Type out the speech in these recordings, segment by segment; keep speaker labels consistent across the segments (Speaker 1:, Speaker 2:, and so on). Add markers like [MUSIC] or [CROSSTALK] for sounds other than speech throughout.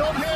Speaker 1: up here.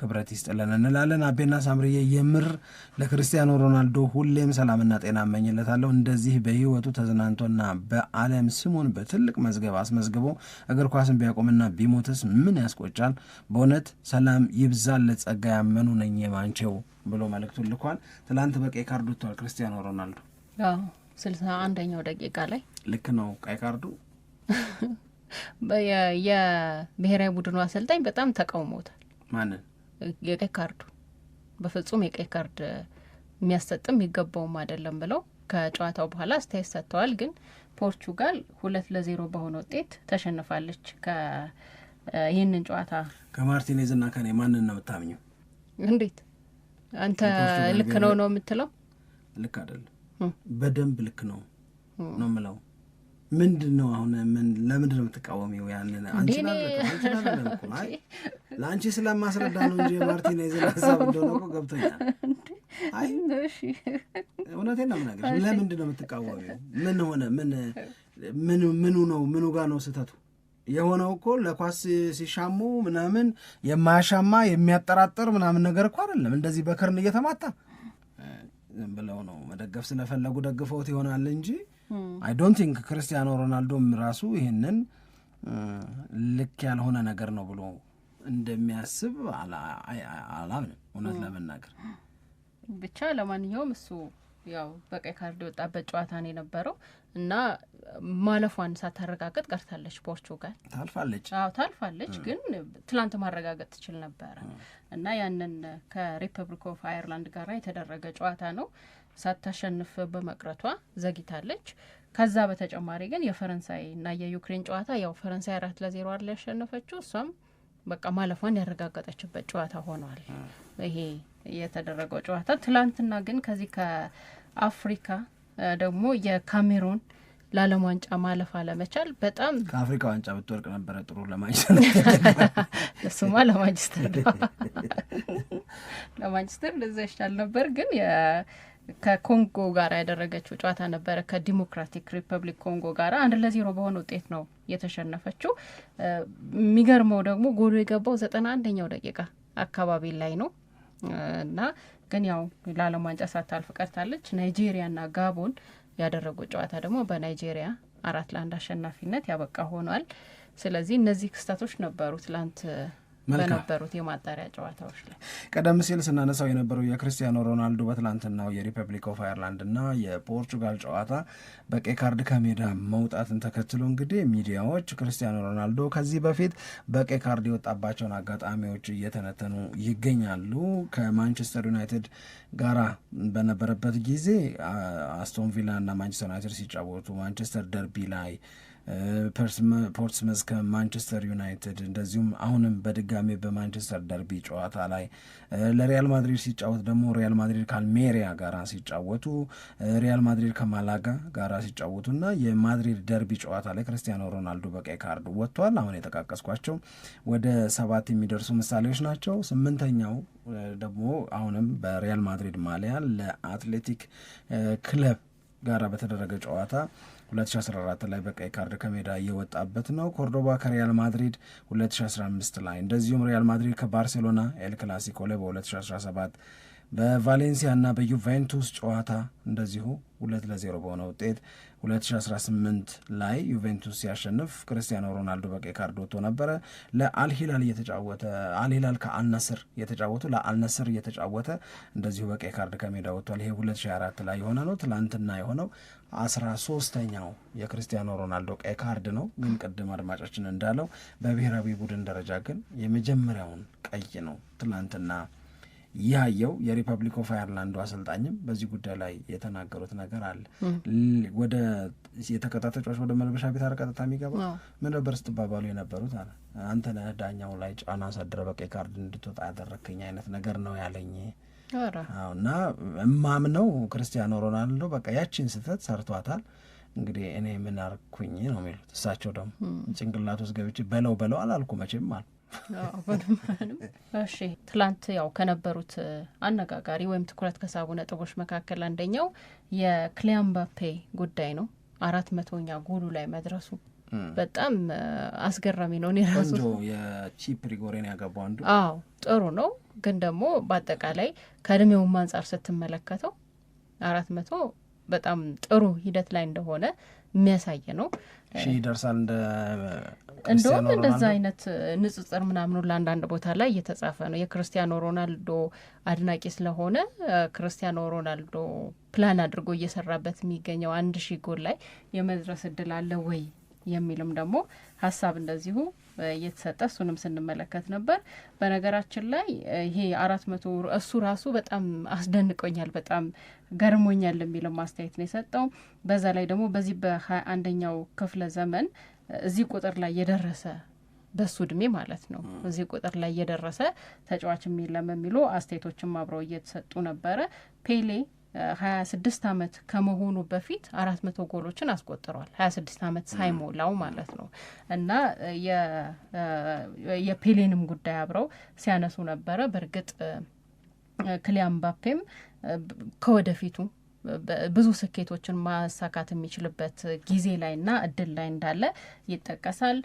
Speaker 1: ክብረት ይስጥልን እንላለን። አቤና ሳምርዬ የምር ለክርስቲያኖ ሮናልዶ ሁሌም ሰላምና ጤና እመኝለታለሁ። እንደዚህ በህይወቱ ተዝናንቶና በዓለም ስሙን በትልቅ መዝገብ አስመዝግቦ እግር ኳስን ቢያቆምና ቢሞትስ ምን ያስቆጫል? በእውነት ሰላም ይብዛል። ለጸጋ ያመኑ ነኝ ማንቸው ብሎ መልክቱ ልኳል። ትላንት በቀይ ካርድ ወጥቷል ክርስቲያኖ ሮናልዶ
Speaker 2: ስልሳ አንደኛው ደቂቃ ላይ
Speaker 1: ልክ ነው ቀይ ካርዱ [LAUGHS]
Speaker 2: የብሔራዊ ቡድኑ አሰልጣኝ በጣም ተቃውሞታል። ማንን የቀይ ካርዱ በፍጹም የቀይ ካርድ የሚያሰጥም የሚገባውም አይደለም ብለው ከጨዋታው በኋላ አስተያየት ሰጥተዋል። ግን ፖርቹጋል ሁለት ለዜሮ በሆነ ውጤት ተሸንፋለች። ይህንን ጨዋታ
Speaker 1: ከማርቲኔዝ እና ከኔ ማንን ነው የምታምኘው?
Speaker 2: እንዴት አንተ ልክ ነው ነው የምትለው?
Speaker 1: ልክ አይደለም። በደንብ ልክ ነው ነው የምለው ምንድን ነው አሁን? ለምንድን ነው የምትቃወሚው? ያንን ለአንቺ ስለማስረዳ ነው እንጂ ማርቲኔዝን ሀሳብ እንደሆነ እኮ ገብቶኛል። እውነቴን ነው የምናገርሽ። ለምንድን ነው የምትቃወሚው? ምን ሆነ? ምኑ ነው ምኑ ጋር ነው ስህተቱ? የሆነው እኮ ለኳስ ሲሻሙ ምናምን የማያሻማ የሚያጠራጥር ምናምን ነገር እኮ አይደለም። እንደዚህ በክርን እየተማታ ዝም ብለው ነው መደገፍ ስለፈለጉ ደግፈውት ይሆናል እንጂ አይ ዶንት ቲንክ ክርስቲያኖ ሮናልዶም ራሱ ይህንን ልክ ያልሆነ ነገር ነው ብሎ እንደሚያስብ አላምንም እውነት ለመናገር
Speaker 2: ብቻ ለማንኛውም እሱ ያው በቀይ ካርድ የወጣበት ጨዋታ ነው የነበረው እና ማለፏን ሳታረጋገጥ ቀርታለች። ፖርቹጋል ታልፋለች። አዎ ታልፋለች፣ ግን ትላንት ማረጋገጥ ትችል ነበረ እና ያንን ከሪፐብሊክ ኦፍ አየርላንድ ጋር የተደረገ ጨዋታ ነው ሳታሸንፍ በመቅረቷ ዘግይታለች። ከዛ በተጨማሪ ግን የፈረንሳይ እና የዩክሬን ጨዋታ ያው ፈረንሳይ አራት ለዜሮ አለ ያሸነፈችው እሷም በቃ ማለፏን ያረጋገጠችበት ጨዋታ ሆኗል ይሄ የተደረገው ጨዋታ። ትላንትና ግን ከዚህ ከአፍሪካ ደግሞ የካሜሩን ለዓለም ዋንጫ ማለፍ አለመቻል በጣም
Speaker 1: ከአፍሪካ ዋንጫ ብትወርቅ ነበረ ጥሩ ለማንቸስተር
Speaker 2: እሱማ [LAUGHS] ለማንቸስተር [LAUGHS] ለማንቸስተር እንደዛ ይሻል ነበር ግን ከኮንጎ ጋር ያደረገችው ጨዋታ ነበረ። ከዲሞክራቲክ ሪፐብሊክ ኮንጎ ጋር አንድ ለዜሮ በሆነ ውጤት ነው የተሸነፈችው። የሚገርመው ደግሞ ጎሎ የገባው ዘጠና አንደኛው ደቂቃ አካባቢ ላይ ነው። እና ግን ያው ለዓለም ዋንጫ ሳታልፍ ቀርታለች። ናይጄሪያና ጋቦን ያደረጉት ጨዋታ ደግሞ በናይጄሪያ አራት ለአንድ አሸናፊነት ያበቃ ሆኗል። ስለዚህ እነዚህ ክስተቶች ነበሩ ትላንት በነበሩት የማጣሪያ ጨዋታዎች ላይ
Speaker 1: ቀደም ሲል ስናነሳው የነበረው የክርስቲያኖ ሮናልዶ በትላንትናው የሪፐብሊክ ኦፍ አይርላንድ እና የፖርቹጋል ጨዋታ በቀይ ካርድ ከሜዳ መውጣትን ተከትሎ እንግዲህ ሚዲያዎች ክርስቲያኖ ሮናልዶ ከዚህ በፊት በቀይ ካርድ የወጣባቸውን አጋጣሚዎች እየተነተኑ ይገኛሉ። ከማንቸስተር ዩናይትድ ጋራ በነበረበት ጊዜ አስቶን ቪላ እና ማንቸስተር ዩናይትድ ሲጫወቱ ማንቸስተር ደርቢ ላይ ፖርትስመዝ ከማንቸስተር ዩናይትድ እንደዚሁም አሁንም በድጋሜ በማንቸስተር ደርቢ ጨዋታ ላይ ለሪያል ማድሪድ ሲጫወት ደግሞ ሪያል ማድሪድ ከአልሜሪያ ጋራ ሲጫወቱ፣ ሪያል ማድሪድ ከማላጋ ጋራ ሲጫወቱ እና የማድሪድ ደርቢ ጨዋታ ላይ ክርስቲያኖ ሮናልዶ በቀይ ካርድ ወጥቷል። አሁን የጠቃቀስኳቸው ወደ ሰባት የሚደርሱ ምሳሌዎች ናቸው። ስምንተኛው ደግሞ አሁንም በሪያል ማድሪድ ማሊያ ለአትሌቲክ ክለብ ጋራ በተደረገ ጨዋታ 2014 ላይ በቀይ ካርድ ከሜዳ እየወጣበት ነው። ኮርዶባ ከሪያል ማድሪድ 2015 ላይ እንደዚሁም ሪያል ማድሪድ ከባርሴሎና ኤል ክላሲኮ ላይ በ2017 በቫሌንሲያና በዩቬንቱስ ጨዋታ እንደዚሁ ሁለት ለዜሮ በሆነ ውጤት 2018 ላይ ዩቬንቱስ ሲያሸንፍ ክርስቲያኖ ሮናልዶ በቀይ ካርድ ወጥቶ ነበረ። ለአልሂላል እየተጫወተ አልሂላል ከአልነስር እየተጫወቱ ለአልነስር እየተጫወተ እንደዚሁ በቀይ ካርድ ከሜዳ ወጥቷል። ይሄ 2024 ላይ የሆነ ነው። ትላንትና የሆነው 13ተኛው የክርስቲያኖ ሮናልዶ ቀይ ካርድ ነው። ግን ቅድም አድማጫችን እንዳለው በብሔራዊ ቡድን ደረጃ ግን የመጀመሪያውን ቀይ ነው ትላንትና ያየው የሪፐብሊክ ኦፍ አየርላንዱ አሰልጣኝም በዚህ ጉዳይ ላይ የተናገሩት ነገር አለ። ወደ የተከታታይ ተጫዋች ወደ መልበሻ ቤት አርቀጥታ የሚገባ ምን ነበር ስትባባሉ የነበሩት? አለ አንተ ነህ ዳኛው ላይ ጫና አሳድረ በቀይ ካርድ እንድትወጣ ያደረክኝ አይነት ነገር ነው ያለኝ እና እማም ነው ክርስቲያኖ ሮናልዶ በቃ ያቺን ስህተት ሰርቷታል። እንግዲህ እኔ ምን አርኩኝ ነው የሚሉት እሳቸው ደግሞ ጭንቅላት ውስጥ ገብቼ በለው በለው አላልኩ መቼም አሉ
Speaker 2: እሺ፣ ትላንት ያው ከነበሩት አነጋጋሪ ወይም ትኩረት ከሳቡ ነጥቦች መካከል አንደኛው የክሊያን ጉዳይ ነው። አራት መቶኛ ጎሉ ላይ መድረሱ በጣም አስገራሚ ነው። እኔ ራሱ
Speaker 1: የቺፕ ሪጎሬን ያገባው አንዱ
Speaker 2: አዎ ጥሩ ነው፣ ግን ደግሞ በአጠቃላይ ከእድሜውም አንጻር ስትመለከተው አራት መቶ በጣም ጥሩ ሂደት ላይ እንደሆነ የሚያሳይ ነው።
Speaker 1: ይደርሳል እንደ እንደውም እንደዛ
Speaker 2: አይነት ንጽጽር ምናምኑ ለአንዳንድ ቦታ ላይ እየተጻፈ ነው። የክርስቲያኖ ሮናልዶ አድናቂ ስለሆነ ክርስቲያኖ ሮናልዶ ፕላን አድርጎ እየሰራበት የሚገኘው አንድ ሺህ ጎል ላይ የመድረስ እድል አለ ወይ የሚልም ደግሞ ሀሳብ እንደዚሁ እየተሰጠ እሱንም ስንመለከት ነበር። በነገራችን ላይ ይሄ አራት መቶ እሱ ራሱ በጣም አስደንቆኛል፣ በጣም ገርሞኛል የሚለው ማስተያየት ነው የሰጠው። በዛ ላይ ደግሞ በዚህ በሀያ አንደኛው ክፍለ ዘመን እዚህ ቁጥር ላይ የደረሰ በሱ እድሜ ማለት ነው እዚህ ቁጥር ላይ የደረሰ ተጫዋች የሚለም የሚሉ አስተያየቶችም አብረው እየተሰጡ ነበረ ፔሌ ሀያ ስድስት አመት ከመሆኑ በፊት አራት መቶ ጎሎችን አስቆጥሯል። ሀያ ስድስት አመት ሳይሞላው ማለት ነው እና የፔሌንም ጉዳይ አብረው ሲያነሱ ነበረ። በእርግጥ ክሊያን ምባፔም ከወደፊቱ ብዙ ስኬቶችን ማሳካት የሚችልበት ጊዜ ላይና እድል ላይ እንዳለ ይጠቀሳል።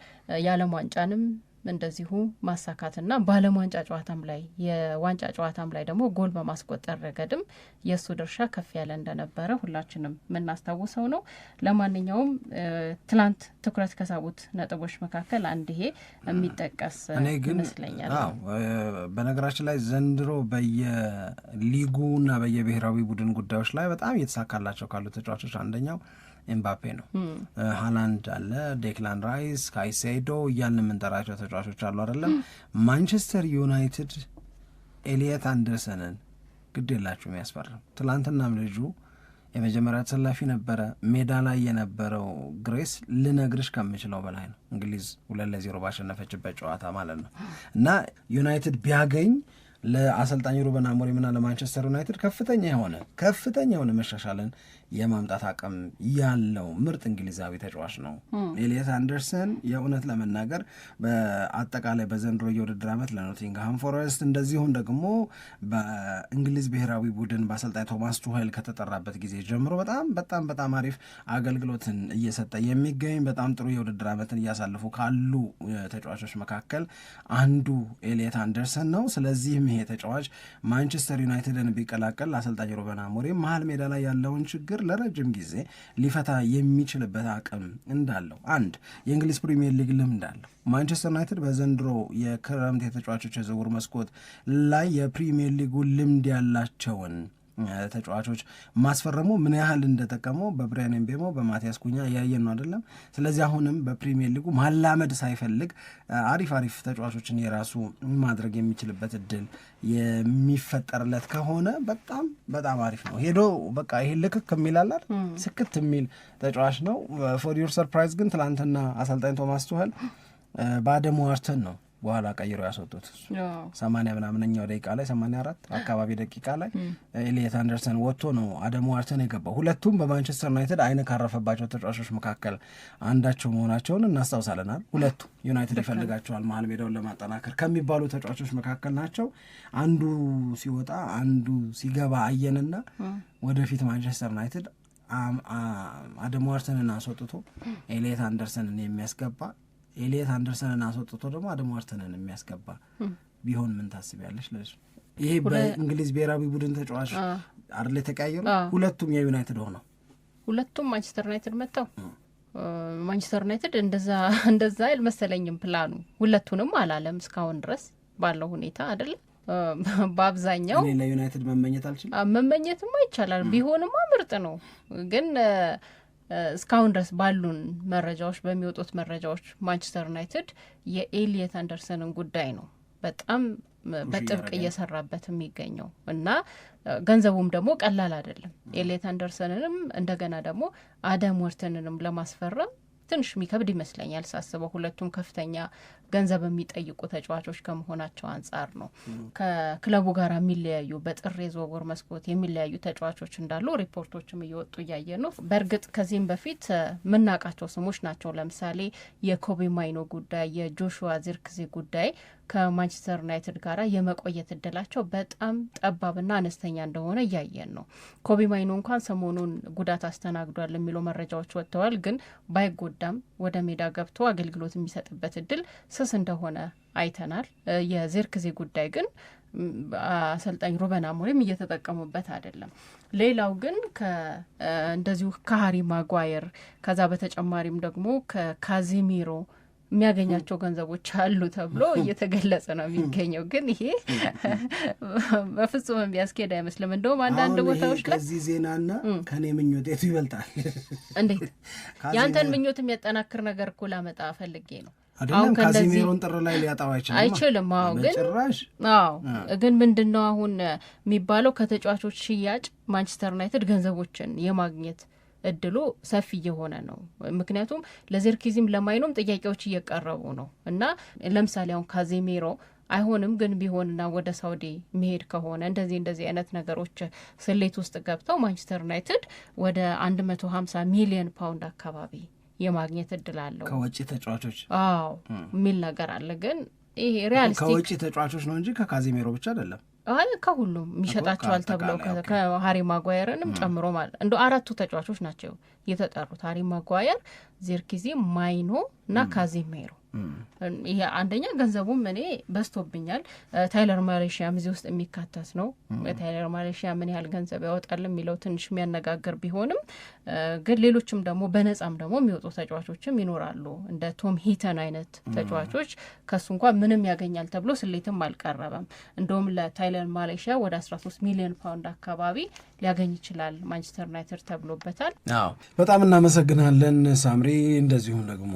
Speaker 2: የዓለም ዋንጫንም እንደዚሁ ማሳካትና በዓለም ዋንጫ ጨዋታም ላይ የዋንጫ ጨዋታም ላይ ደግሞ ጎል በማስቆጠር ረገድም የእሱ ድርሻ ከፍ ያለ እንደነበረ ሁላችንም የምናስታውሰው ነው። ለማንኛውም ትላንት ትኩረት ከሳቡት ነጥቦች መካከል አንድ ይሄ የሚጠቀስ ይመስለኛል።
Speaker 1: በነገራችን ላይ ዘንድሮ በየሊጉና በየብሔራዊ ቡድን ጉዳዮች ላይ በጣም እየተሳካላቸው ካሉ ተጫዋቾች አንደኛው ኤምባፔ ነው። ሃላንድ አለ፣ ዴክላን ራይስ፣ ካይሴዶ እያልን የምንጠራቸው ተጫዋቾች አሉ አይደለም። ማንቸስተር ዩናይትድ ኤልየት አንደርሰንን ግድ የላችሁ የሚያስፈርም ትላንትናም ልጁ የመጀመሪያ ተሰላፊ ነበረ። ሜዳ ላይ የነበረው ግሬስ ልነግርሽ ከምችለው በላይ ነው። እንግሊዝ ሁለት ለዜሮ ባሸነፈችበት ጨዋታ ማለት ነው እና ዩናይትድ ቢያገኝ ለአሰልጣኝ ሩበን አሞሪምና ለማንቸስተር ዩናይትድ ከፍተኛ የሆነ ከፍተኛ የሆነ መሻሻልን የማምጣት አቅም ያለው ምርጥ እንግሊዛዊ ተጫዋች ነው። ኤልየት አንደርሰን የእውነት ለመናገር በአጠቃላይ በዘንድሮ የውድድር ዓመት ለኖቲንግሃም ፎረስት እንደዚሁም ደግሞ በእንግሊዝ ብሔራዊ ቡድን በአሰልጣኝ ቶማስ ቱሄል ከተጠራበት ጊዜ ጀምሮ በጣም በጣም በጣም አሪፍ አገልግሎትን እየሰጠ የሚገኝ በጣም ጥሩ የውድድር ዓመትን እያሳለፉ ካሉ ተጫዋቾች መካከል አንዱ ኤልየት አንደርሰን ነው። ስለዚህም ይሄ ተጫዋች ማንቸስተር ዩናይትድን ቢቀላቀል አሰልጣኝ ሩበን አሞሪም መሀል ሜዳ ላይ ያለውን ችግር ለረጅም ጊዜ ሊፈታ የሚችልበት አቅም እንዳለው አንድ የእንግሊዝ ፕሪሚየር ሊግ ልምድ አለው። ማንቸስተር ዩናይትድ በዘንድሮ የክረምት የተጫዋቾች የዝውውር መስኮት ላይ የፕሪሚየር ሊጉ ልምድ ያላቸውን ተጫዋቾች ማስፈረሙ ምን ያህል እንደጠቀመው በብሪያን ኤምቤሞ በማቲያስ ኩኛ እያየን ነው አይደለም። ስለዚህ አሁንም በፕሪሚየር ሊጉ ማላመድ ሳይፈልግ አሪፍ አሪፍ ተጫዋቾችን የራሱ ማድረግ የሚችልበት እድል የሚፈጠርለት ከሆነ በጣም በጣም አሪፍ ነው። ሄዶ በቃ ይሄ ልክክ የሚላላል ስክት የሚል ተጫዋች ነው። ፎር ዩር ሰርፕራይዝ ግን ትላንትና አሰልጣኝ ቶማስ ቱኸል በአደም ዋርተን ነው በኋላ ቀይሮ ያስወጡት ሰማንያ ምናምንኛው ደቂቃ ላይ ሰማኒያ አራት አካባቢ ደቂቃ ላይ ኤሊየት አንደርሰን ወጥቶ ነው አደሙ ዋርተን የገባው። ሁለቱም በማንቸስተር ዩናይትድ አይን ካረፈባቸው ተጫዋቾች መካከል አንዳቸው መሆናቸውን እናስታውሳለናል። ሁለቱ ዩናይትድ ይፈልጋቸዋል መሀል ሜዳውን ለማጠናከር ከሚባሉ ተጫዋቾች መካከል ናቸው። አንዱ ሲወጣ አንዱ ሲገባ አየንና ወደፊት ማንቸስተር ዩናይትድ አደም ዋርተንን አስወጥቶ ኤሊየት አንደርሰንን የሚያስገባ ኤሊየት አንደርሰንን አስወጥቶ ደግሞ አደም ዋርተንን የሚያስገባ ቢሆን ምን ታስቢያለሽ? ልልሽ ይሄ በእንግሊዝ ብሔራዊ ቡድን ተጫዋች አይደል የተቀያየሩ ሁለቱም የዩናይትድ ሆነው
Speaker 2: ሁለቱም ማንቸስተር ዩናይትድ መጥተው ማንቸስተር ዩናይትድ እንደዛ [LAUGHS] እንደዛ አልመሰለኝም ፕላኑ ሁለቱንም አላለም እስካሁን ድረስ ባለው ሁኔታ አይደለም። [LAUGHS] በአብዛኛው
Speaker 1: ለዩናይትድ መመኘት አልችልም።
Speaker 2: መመኘትማ ይቻላል ቢሆንማ ምርጥ ነው ግን እስካሁን ድረስ ባሉን መረጃዎች በሚወጡት መረጃዎች ማንቸስተር ዩናይትድ የኤሊየት አንደርሰንን ጉዳይ ነው በጣም በጥብቅ እየሰራበት የሚገኘው እና ገንዘቡም ደግሞ ቀላል አይደለም። ኤሌት አንደርሰንንም እንደገና ደግሞ አደም ወርተንንም ለማስፈረም ትንሽ የሚከብድ ይመስለኛል ሳስበው። ሁለቱም ከፍተኛ ገንዘብ የሚጠይቁ ተጫዋቾች ከመሆናቸው አንጻር ነው። ከክለቡ ጋር የሚለያዩ በጥር የዝውውር መስኮት የሚለያዩ ተጫዋቾች እንዳሉ ሪፖርቶችም እየወጡ እያየ ነው። በእርግጥ ከዚህም በፊት የምናውቃቸው ስሞች ናቸው። ለምሳሌ የኮቢ ማይኖ ጉዳይ፣ የጆሹዋ ዚርክዜ ጉዳይ ከማንቸስተር ዩናይትድ ጋራ የመቆየት እድላቸው በጣም ጠባብና አነስተኛ እንደሆነ እያየን ነው። ኮቢ ማይኖ እንኳን ሰሞኑን ጉዳት አስተናግዷል የሚሉ መረጃዎች ወጥተዋል። ግን ባይጎዳም ወደ ሜዳ ገብቶ አገልግሎት የሚሰጥበት እድል ስስ እንደሆነ አይተናል። የዜርክዜ ጉዳይ ግን አሰልጣኝ ሩበን አሞሪም እየተጠቀሙበት አይደለም። ሌላው ግን እንደዚሁ ከሀሪ ማጓየር ከዛ በተጨማሪም ደግሞ ከካዚሚሮ የሚያገኛቸው ገንዘቦች አሉ ተብሎ እየተገለጸ ነው የሚገኘው። ግን ይሄ በፍጹም የሚያስኬድ አይመስልም። እንደውም አንዳንድ ቦታዎች
Speaker 1: ከዚህ ዜናና ከኔ ምኞቴቱ ይበልጣል።
Speaker 2: እንዴት የአንተን ምኞት የሚያጠናክር ነገር እኮ ላመጣ ፈልጌ ነው።
Speaker 1: አሁን ጥር ላይ ሊያጠባ
Speaker 2: አይችልም። አዎ፣
Speaker 1: ግን አዎ፣
Speaker 2: ግን ምንድን ነው አሁን የሚባለው ከተጫዋቾች ሽያጭ ማንቸስተር ዩናይትድ ገንዘቦችን የማግኘት እድሉ ሰፊ እየሆነ ነው። ምክንያቱም ለዘርኪዝም ለማይኖም ጥያቄዎች እየቀረቡ ነው እና ለምሳሌ አሁን ካዜሜሮ አይሆንም ግን ቢሆንና ወደ ሳውዲ መሄድ ከሆነ እንደዚህ እንደዚህ አይነት ነገሮች ስሌት ውስጥ ገብተው ማንቸስተር ዩናይትድ ወደ ሀምሳ ሚሊዮን ፓውንድ አካባቢ የማግኘት እድል አለው
Speaker 1: ከውጭ ተጫዋቾች። አዎ
Speaker 2: የሚል ነገር አለ። ግን ይሄ ሪያሊስቲክ ከውጭ
Speaker 1: ተጫዋቾች ነው እንጂ ከካዜሜሮ ብቻ አይደለም።
Speaker 2: አይ ከሁሉም ይሸጣቸዋል ተብለው ከሀሪ ማጓየርንም ጨምሮ ማለት እንደ አራቱ ተጫዋቾች ናቸው የተጠሩት። ሀሪ ማጓየር፣ ዜርኪዜ፣ ማይኖ እና ካዚሜሮ ይሄ አንደኛ ገንዘቡም እኔ በዝቶብኛል። ታይለር ማሌሽያም እዚህ ውስጥ የሚካተት ነው። ታይለር ማሌሽያ ምን ያህል ገንዘብ ያወጣል የሚለው ትንሽ የሚያነጋግር ቢሆንም ግን ሌሎችም ደግሞ በነጻም ደግሞ የሚወጡ ተጫዋቾችም ይኖራሉ። እንደ ቶም ሂተን አይነት ተጫዋቾች ከሱ እንኳ ምንም ያገኛል ተብሎ ስሌትም አልቀረበም። እንደውም ለታይለር ማሌሽያ ወደ 13 ሚሊዮን ፓውንድ አካባቢ ሊያገኝ ይችላል ማንቸስተር ዩናይትድ ተብሎበታል። አዎ
Speaker 1: በጣም እናመሰግናለን ሳምሪ እንደዚሁም ደግሞ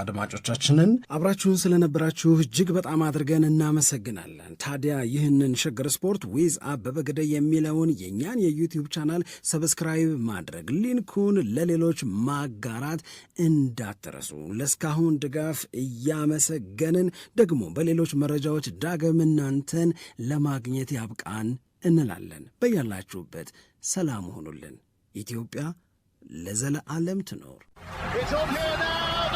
Speaker 1: አድማጮቻችንን አብራችሁን ስለነበራችሁ እጅግ በጣም አድርገን እናመሰግናለን። ታዲያ ይህንን ሸገር ስፖርት ዊዝ አበበ ግደይ የሚለውን የእኛን የዩቲዩብ ቻናል ሰብስክራይብ ማድረግ፣ ሊንኩን ለሌሎች ማጋራት እንዳትረሱ። ለእስካሁን ድጋፍ እያመሰገንን ደግሞ በሌሎች መረጃዎች ዳግም እናንተን ለማግኘት ያብቃን እንላለን። በያላችሁበት ሰላም ሆኑልን። ኢትዮጵያ ለዘለዓለም ትኖር።